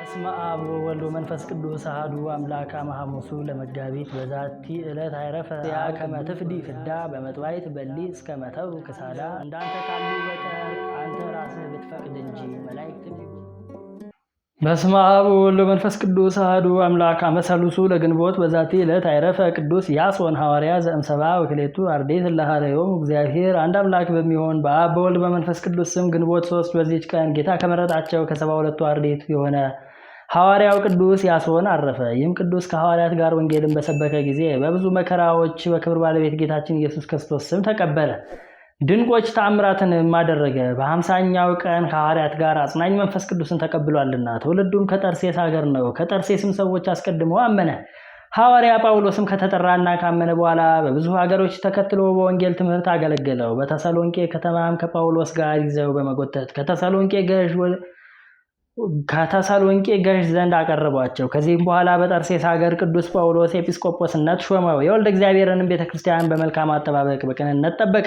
በስመ አብ ወወልድ ወመንፈስ ቅዱስ አሐዱ አምላክ አመ ለመጋቢት በዛቲ ዕለት አይረፈ ያ ከመ ትፍዲ ፍዳ በመጥዋይት በሊ እስከ መተው ክሳዳ። እንዳንተ ካሉ በቀር አንተ ራስህ ብትፈቅድ እንጂ መላእክት በስመ አብ ወወልድ ወመንፈስ ቅዱስ አሐዱ አምላክ አመሰሉሱ ለግንቦት በዛቲ ዕለት አይረፈ ቅዱስ ያሶን ሐዋርያ ዘእምሰብአ ወክሌቱ አርዴት ለሃለዮም። እግዚአብሔር አንድ አምላክ በሚሆን በአብ በወልድ በመንፈስ ቅዱስ ስም ግንቦት ሶስት በዚች ቀን ጌታ ከመረጣቸው ከሰባ ሁለቱ አርድእት የሆነ ሐዋርያው ቅዱስ ያስሆን አረፈ። ይህም ቅዱስ ከሐዋርያት ጋር ወንጌልን በሰበከ ጊዜ በብዙ መከራዎች በክብር ባለቤት ጌታችን ኢየሱስ ክርስቶስ ስም ተቀበለ። ድንቆች ተአምራትንም አደረገ። በሀምሳኛው ቀን ከሐዋርያት ጋር አጽናኝ መንፈስ ቅዱስን ተቀብሏልና፣ ትውልዱም ከጠርሴስ ሀገር ነው። ከጠርሴስም ሰዎች አስቀድሞ አመነ። ሐዋርያ ጳውሎስም ከተጠራና ካመነ በኋላ በብዙ ሀገሮች ተከትሎ በወንጌል ትምህርት አገለገለው። በተሰሎንቄ ከተማም ከጳውሎስ ጋር ይዘው በመጎተት ከተሰሎንቄ ገዥ ከተሰሎንቄ ገዥ ዘንድ አቀረቧቸው። ከዚህም በኋላ በጠርሴስ ሀገር ቅዱስ ጳውሎስ ኤጲስቆጶስነት ሾመው። የወልደ እግዚአብሔርንም ቤተ ክርስቲያን በመልካም አጠባበቅ በቅንነት ጠበቀ።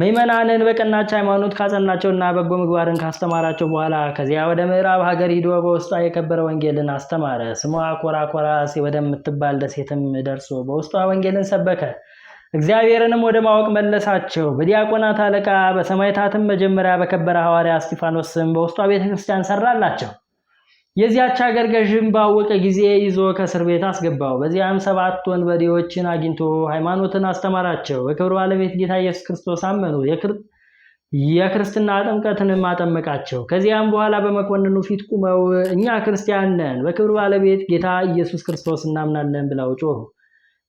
ምዕመናንን በቀናች ሃይማኖት ካጸናቸውና በጎ ምግባርን ካስተማራቸው በኋላ ከዚያ ወደ ምዕራብ ሀገር ሂዶ በውስጧ የከበረ ወንጌልን አስተማረ። ስሟ ኮራኮራስ ወደምትባል ደሴትም ደርሶ በውስጧ ወንጌልን ሰበከ። እግዚአብሔርንም ወደ ማወቅ መለሳቸው። በዲያቆናት አለቃ በሰማዕታትም መጀመሪያ በከበረ ሐዋርያ እስጢፋኖስ ስም በውስጧ ቤተ ክርስቲያን ሰራላቸው። የዚያች አገር ገዥም ባወቀ ጊዜ ይዞ ከእስር ቤት አስገባው። በዚያም ሰባት ወንበዴዎችን አግኝቶ ሃይማኖትን አስተማራቸው። በክብር ባለቤት ጌታ ኢየሱስ ክርስቶስ አመኑ። የክርስትና ጥምቀትንም አጠመቃቸው። ከዚያም በኋላ በመኮንኑ ፊት ቁመው እኛ ክርስቲያን ነን፣ በክብር ባለቤት ጌታ ኢየሱስ ክርስቶስ እናምናለን ብለው ጮሁ።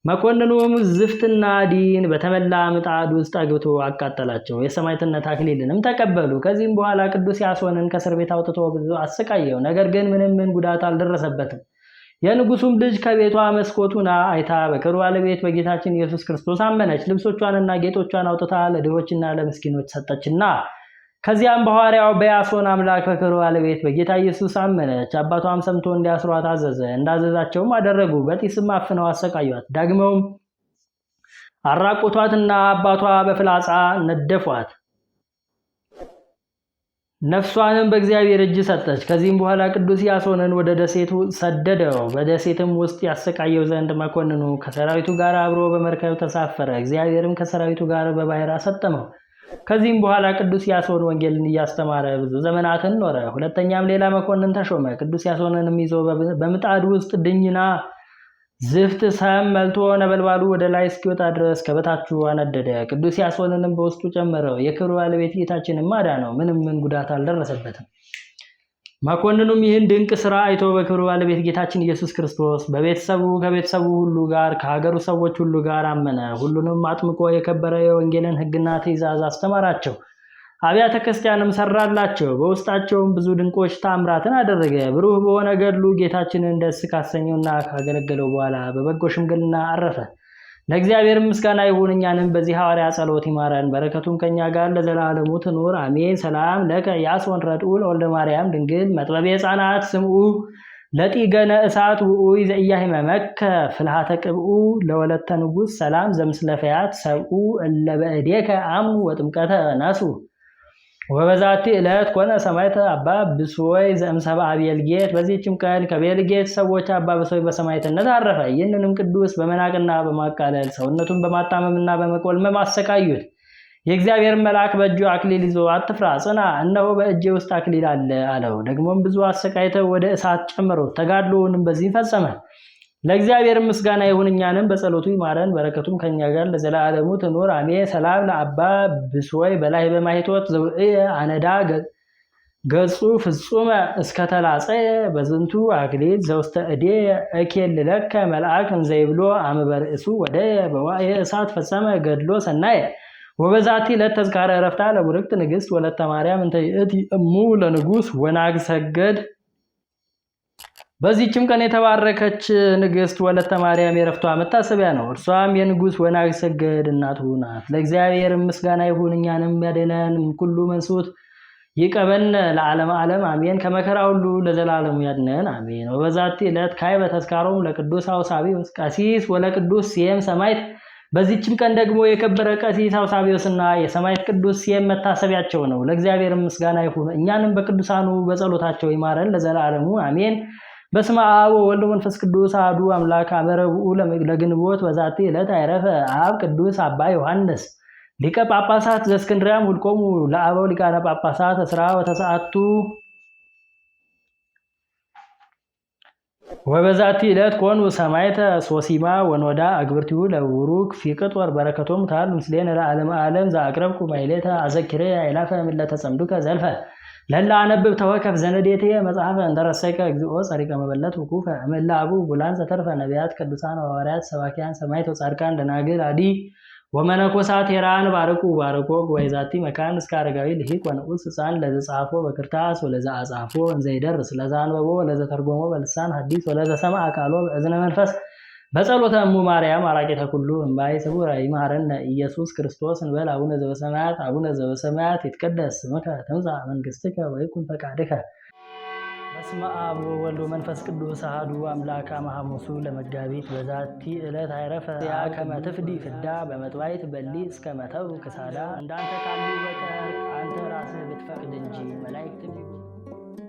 መኮንኑም ዝፍትና ዲን በተመላ ምጣድ ውስጥ አግብቶ አቃጠላቸው። የሰማዕትነት አክሊልንም ተቀበሉ። ከዚህም በኋላ ቅዱስ ያሶንን ከእስር ቤት አውጥቶ ብዙ አሰቃየው። ነገር ግን ምንም ምን ጉዳት አልደረሰበትም። የንጉሱም ልጅ ከቤቷ መስኮቱና አይታ በክብር ባለቤት በጌታችን ኢየሱስ ክርስቶስ አመነች። ልብሶቿንና ጌጦቿን አውጥታ ለድሆችና ለምስኪኖች ሰጠችና ከዚያም በኋሪያው በያሶን አምላክ በክብር ባለቤት በጌታ ኢየሱስ አመነች። አባቷም ሰምቶ እንዲያስሯት አዘዘ። እንዳዘዛቸውም አደረጉ። በጢስም አፍነው አሰቃዩት። ዳግመውም አራቆቷትና አባቷ በፍላጻ ነደፏት። ነፍሷንም በእግዚአብሔር እጅ ሰጠች። ከዚህም በኋላ ቅዱስ ያሶንን ወደ ደሴቱ ሰደደው። በደሴትም ውስጥ ያሰቃየው ዘንድ መኮንኑ ከሰራዊቱ ጋር አብሮ በመርከብ ተሳፈረ። እግዚአብሔርም ከሰራዊቱ ጋር በባህር አሰጠመው። ከዚህም በኋላ ቅዱስ ያሶን ወንጌልን እያስተማረ ብዙ ዘመናትን ኖረ። ሁለተኛም ሌላ መኮንን ተሾመ። ቅዱስ ያሶንንም ይዞ በምጣድ ውስጥ ድኝና ዝፍት ሰም መልቶ ነበልባሉ ወደ ላይ እስኪወጣ ድረስ ከበታቹ አነደደ። ቅዱስ ያሶንንም በውስጡ ጨመረው። የክብር ባለቤት ጌታችንም አዳነው፣ ምንም ምን ጉዳት አልደረሰበትም። መኮንኑም ይህን ድንቅ ስራ አይቶ በክብር ባለቤት ጌታችን ኢየሱስ ክርስቶስ በቤተሰቡ ከቤተሰቡ ሁሉ ጋር ከሀገሩ ሰዎች ሁሉ ጋር አመነ። ሁሉንም አጥምቆ የከበረ የወንጌልን ሕግና ትእዛዝ አስተማራቸው። አብያተ ክርስቲያንም ሰራላቸው። በውስጣቸውም ብዙ ድንቆች ታምራትን አደረገ። ብሩህ በሆነ ገድሉ ጌታችንን ደስ ካሰኘውና ካገለገለው በኋላ በበጎ ሽምግልና አረፈ። ለእግዚአብሔር ምስጋና ይሁን፣ እኛንም በዚህ ሐዋርያ ጸሎት ይማረን፣ በረከቱም ከእኛ ጋር ለዘላለሙ ትኑር አሜን። ሰላም ለከ ያስወን ረድኡል ለወልደ ማርያም ድንግል መጥበብ የሕፃናት ስምዑ ለጢገነ እሳት ውዑይ ዘኢያሕመመከ ፍልሃተ ቅብኡ ለወለተ ንጉሥ ሰላም ዘምስለ ፈያት ሰብኡ እለ አምኑ ወጥምቀተ ነሱ ወበዛቲ ዕለት ኮነ ሰማዕተ አባ ብሶይ ዘእምሰባ አቤልጌት። በዚህችም ቀን ከቤልጌት ሰዎች አባ ብሶይ በሰማዕትነት አረፈ። ይህንንም ቅዱስ በመናቅና በማቃለል ሰውነቱን በማጣመምና በመቆልመም አሰቃዩት። የእግዚአብሔር መልአክ በእጁ አክሊል ይዞ አትፍራ፣ ጽና፣ እነሆ በእጄ ውስጥ አክሊል አለ አለው። ደግሞም ብዙ አሰቃይተው ወደ እሳት ጨመሩት። ተጋድሎውንም በዚህ ፈጸመ። ለእግዚአብሔር ምስጋና ይሁን እኛንም በጸሎቱ ይማረን በረከቱም ከኛ ጋር ለዘላለሙ ትኑር አሜ ሰላም ለአባ ብሶይ በላይ በማይቶት ዘው አነዳ ገጹ ፍጹመ እስከተላጸ በዝንቱ አክሊል ዘውስተ እዴ ለከ መልአክ እንዘይብሎ አምበርእሱ ወደ በዋየ እሳት ፈጸመ ገድሎ ሰናየ ወበዛቲ ለተዝካረ ረፍታ ለቡርክት ንግስት ወለተ ማርያም እንተ እሙ ለንጉስ ወናግ ሰገድ በዚህችም ቀን የተባረከች ንግስት ወለተ ማርያም የረፍቷ መታሰቢያ ነው። እርሷም የንጉስ ወናግ ሰገድ እናቱ ናት። ለእግዚአብሔር ምስጋና ይሁን፣ እኛንም ያደነን ሁሉ መንሱት ይቀበልነ ለዓለም ዓለም አሜን። ከመከራ ሁሉ ለዘላለሙ ያድነን አሜን። ወበዛቲ ዕለት ካይ በተስካሮም ለቅዱስ አውሳብዮስ ቀሲስ ወለቅዱስ ሴም ሰማይት። በዚችም ቀን ደግሞ የከበረ ቀሲስ አውሳብዮስና የሰማይት ቅዱስ ሴም መታሰቢያቸው ነው። ለእግዚአብሔር ምስጋና ይሁን፣ እኛንም በቅዱሳኑ በጸሎታቸው ይማረን ለዘላለሙ አሜን። በስመ አብ ወወልድ መንፈስ ቅዱስ አሐዱ አምላክ አመ ረቡዕ ለግንቦት በዛቲ ዕለት አይረፈ አብ ቅዱስ አባ ዮሐንስ ሊቀ ጳጳሳት ዘእስክንድርያ ውልቆሙ ለአበው ሊቃነ ጳጳሳት እስራ ወተሰዓቱ ወበዛቲ ዕለት ኮኑ ሰማዕተ ሶሲማ ወኖዳ አግብርቲሁ ለቡሩክ ፊቅጦር በረከቶም ታሉ ምስሌነ ለዓለመ ዓለም ዘአቅረብኩ ማሕሌተ አዘኪሬ አእላፈ ጸምዱከ ዘልፈ ለላ አነብብ ተወከፍ ዘነዴቴ መጽሐፈ እንተረሰይከ እግዚኦ ጸሪቀ መበለት ውኩፈ እምላቡ ጉላን ዘተርፈ ነቢያት ቅዱሳን ሐዋርያት ሰባኪያን ሰማይቶ ወጻድቃን ደናግል አዲ ወመነኮሳት ሄራን ባርኩ ባርኮ ወይዛቲ መካን እስከ አረጋዊ ልሂቅ ወንዑስ ህፃን ለዘ ጻፎ በክርታስ ወለዘ አጻፎ እንዘይደርስ ለዘ አንበቦ ወለዘ ተርጎሞ በልሳን ሀዲስ ወለዘ ሰማ ቃሎ በእዝነ መንፈስ በጸሎተ እሙ ማርያም አራቂተ ኩሉ እምባይ ስቡር ይማረነ ኢየሱስ ክርስቶስ እንበል አቡነ ዘበሰማያት አቡነ ዘበሰማያት ይትቀደስ ስምከ ትምጻእ መንግስትከ ወይኩን ፈቃድከ በስመ አብ ወወልድ ወመንፈስ ቅዱስ አሐዱ አምላክ አመ ለመጋቢት በዛቲ ዕለት አይረፈ ያ ከመ ትፍዲ ፍዳ በመጥባይት በሊ እስከ መተው ክሳዳ እንዳንተ ካሉ በቀር አንተ ራስህ ብትፈቅድ እንጂ መላእክት